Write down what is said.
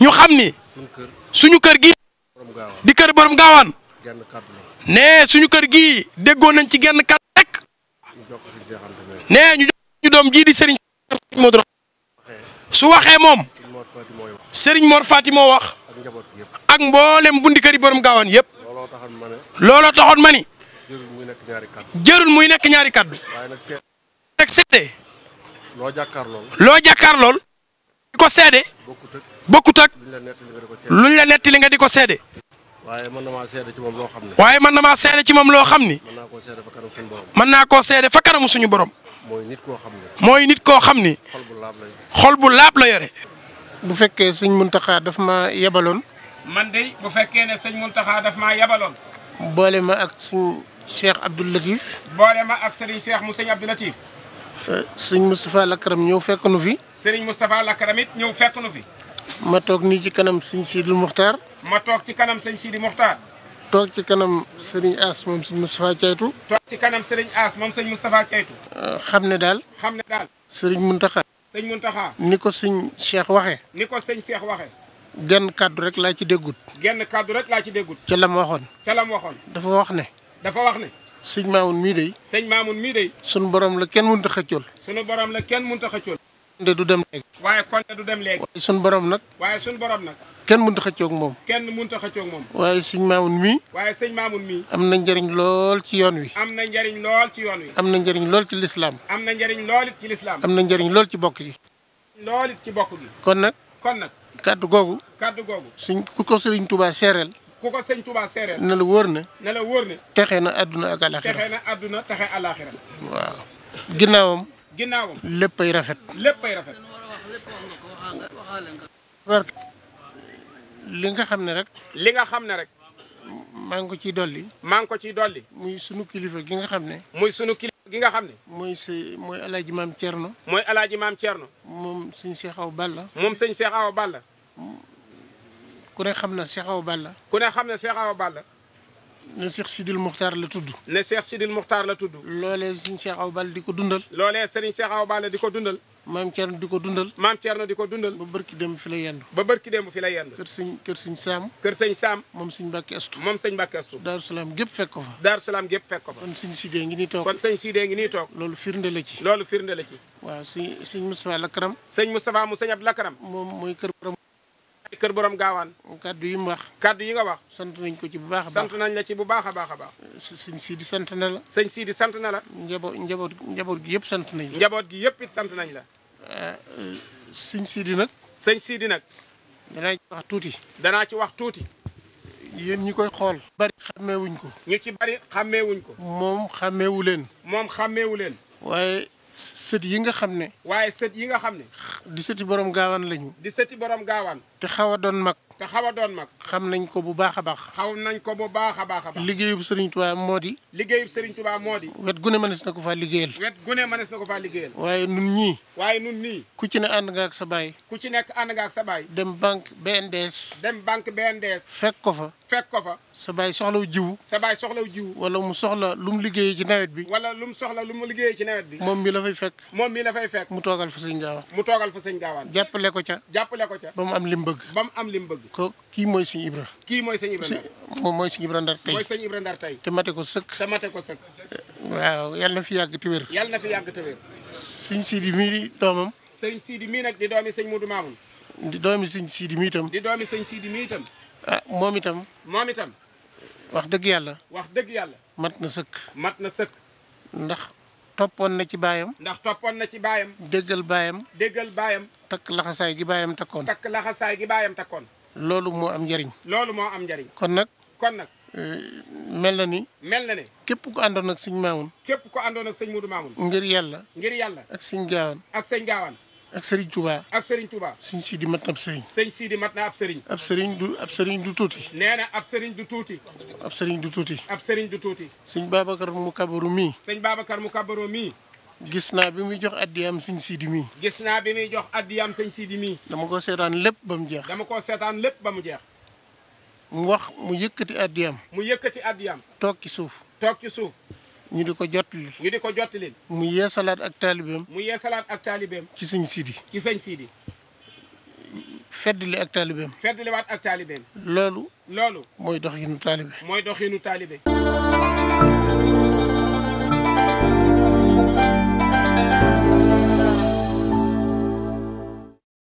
ñu xamni suñu kër gi di kër borom gawan nee suñu kër gi déggo nañ ci genn kat rek né ñu ñu dom ji di serigne modro. su waxé mom serigne Mor fatimo wax ak mbolem bundi kër lolo borom gaawaan yëpp muy nek ñaari kaddu jërul muy nek ñaari lo jakar lol lo jakar lol ko seede bokkut ak luñ la netti li nga di ko seede waaye mën na maa seede ci moom loo xam ne waaye mën na maa seede ci moom loo xam ni mën naa koo seede fa kanam suñu borom mën naa koo seede fa kanam suñu borom mooy nit koo xam ne mooy nit koo xam ni xol bu laab la xol bu laab la yore bu fekkee suñ sëñ Muntaxa daf ma yebaloon man de bu fekkee ne sëñ Muntaxa daf maa yebaloon boole ma ak sëñ Cheikh Abdoul Latif boole ma ak sëriñ Cheikh mu sëñ Abdoul Latif sëñ Moustapha Lakaram ñëw fekk nu fi Serigne Moustapha Lakaram it ñëw fekk nu fi. ma toog nii ci kanam sëñ Sidi Muxtaar. ma toog ci kanam sëñ Sidi Muxtaar. toog ci kanam Serigne As moom sëñ Moustapha Caytu. ci kanam Serigne As moom sëñ ah, xam ne daal. xam ne daal. Serigne Mountakha. sëñ Mountakha. ni ko sëñ Cheikh waxe ni ko sëñ Cheikh waxe genn kàddu rek laa ci déggut. genn kàddu rek laa ci déggut. ca la ma waxoon. ca la waxoon. dafa wax ne. dafa wax ne. sëñ Maamun mii dey sëñ Maamun mii de. sunu borom la kenn mënut a xëccool. sunu borom la kenn mënut a xëccool. Konde du dem léegi. waaye Konde du dem léegi. borom nag. waaye sunu borom nag. kenn mënut xëccoog moom. kenn mënut a xëccoog moom. waaye sëñ Maamun mii. waaye sëñ Maamun mii. am na njëriñ lool ci yoon wi. am na njëriñ lool ci yoon wi. am na njëriñ lool ci lislaam. am na njëriñ lool ci am na njëriñ lool ci bokk yi. lool ci bokk kon nag. kon nag. kàddu googu. kàddu googu. suñ ku ko sëriñ Touba seereel. ku ko sëñ Touba seereel. na la wóor ne. na la wóor ne. texe na adduna ak alaxira. texe na àdduna texe waaw ginnaawam. ginnaawam léppay rafet. ay rafet. li nga xam ne rek. li nga xam ne rek. maa ngi ko ciy dolli. maa ngi ko ciy dolli. muy sunu kilifa gi nga xam ne. muy sunu kilifa gi nga xam ne. mooy si mooy alaaji maam Thierno. mooy alaaji maam Thierno. moom sëñ Cheikh Awa Balla. moom sëñ Cheikh Awa Balla. ku ne xam na Cheikh Awa Balla. ku ne xam na Cheikh Balla. ne Cheikh Sidil Muxtaar la tudd. ne Cheikh Sidil Muxtaar la tudd. loolee sëriñ Cheikh Awa Balla di ko dundal. loolee sëriñ Cheikh Awa Balla di ko dundal. ko dundal. maam Thierno di ko dundal. ba bërki ba bërki démb moom sëñ Mbàkke Astu. moom sëñ Mbàkke Astu. Daaru Salaam gépp fekk ko fa. Daaru Salaam gépp loolu firnde la ci. loolu firnde la ci. waaw sëñ sëñ Moustapha Lakaram. sëñ mu sëñ Abdou moom mooy kër borom kër borom gaawaan kaddu yi mu wax yi nga wax sant nañ ko ci bu baax a baax nañ la ci bu baax a baax a baax sëñ Sidi sant na la sëñ Sidi sant na la njaboot njaboot njaboot gi yëpp sant nañ la njaboot gi yëpp it nañ la euh, sëñ Sidi nag sëñ siidi nag danaa wax tuuti danaa ci wax tuuti yéen ñi koy xool bari xàmmeewuñ ko ñu ci bari xàmmeewuñ ko moom xàmmeewu leen moom xàmmeewu leen waaye sët yi nga xam ne waaye sët yi nga xam ne ndax di sëti borom gaawaan lañu. di sëti borom gaawaan. te xaw a doon mag. te xaw a doon mag. xam nañ ko bu baax a baax. xaw nañ ko bu baax a baax a baax. liggéeyub Serigne Touba moo di. liggéeyub Serigne Touba moo di. wet gune mënees na ko faa liggéeyal. wet gune mënees na ko faa liggéeyal. waaye nun ñii. waaye nun ñii. ku ci ne ànd nga ak sa baay. ku ci nekk ànd nga ak sa baay. dem banque BNDES. dem banque BNDES. fekk ko fa. fekk ko fa. sa baay soxlaw jiwu. sa baay soxlaw jiwu. wala mu soxla lu mu liggéeyee ci nawet bi. wala lu mu soxla lu mu liggéeyee ci nawet bi. moom mi la fay fekk. moom mi la fay fekk. mu toogal fa sëñ gaawaan. mu nekkal fa sëñ gaawaan ko ca jàppale ko ca ba mu am lim bëgg ba mu am bëgg ko kii mooy sëñ Ibra kii mooy sëñ Ibra Ndar mooy sëñ Ibra Ndar tey mooy tey te mate ko sëkk te mate ko sëkk waaw yàlla na fi yàgg te wér yàlla na fi yàgg te wér sëñ Sidi mii doomam sëñ Sidi mii nag di doomi sëñ Modou Mamoun di doomi sëñ Sidi mii itam di doomi sëñ Sidi mii itam ah, moom itam moom itam wax dëgg yàlla wax dëgg yàlla mat na sëkk mat na sëkk ndax toppoon na ci baayam. ndax toppoon na ci baayam. déggal baayam. déggal baayam. takk laxasaay gi baayam takkoon. takk laxasaay gi baayam takkoon. loolu moo am njariñ. loolu moo am njariñ. kon nag. kon nag. Eh, mel na ni. mel na ne. képp ku àndoon ak sëñ Maamun. képp ku àndoon ak sëñ Mudu Maamun. ngir yàlla. ngir yàlla. ak sëñ Gaawaan. ak sëñ Gaawaan. ak Serigne Touba. ak Serigne Touba. seigne sidi di ab Serigne. seigne sidi di ab Serigne. ab Serigne du ab Serigne du touti neena ab Serigne du touti ab Serigne du touti ab Serigne du touti seigne babakar mu kabaru mii. sëñ Babacar mu kabaru mii. gis bi muy jox addiyaam sëñ siidi mii. gis naa bi muy jox addiyaam seigne sidi mi dama ko setan lepp bam jeex. dama ko setan lepp bam jeex. mu wax mu mu tok ci souf tok ci souf ñu di ko jottali. ñu di ko jottali. mu yeesalaat ak taalibeem. mu yeesalaat ak taalibeem. ci sëñ Sidi. ci sëñ Sidi. feddali ak taalibeem. feddaliwaat ak taalibeem. loolu. loolu mooy doxinu taalibe. mooy doxinu taalibe.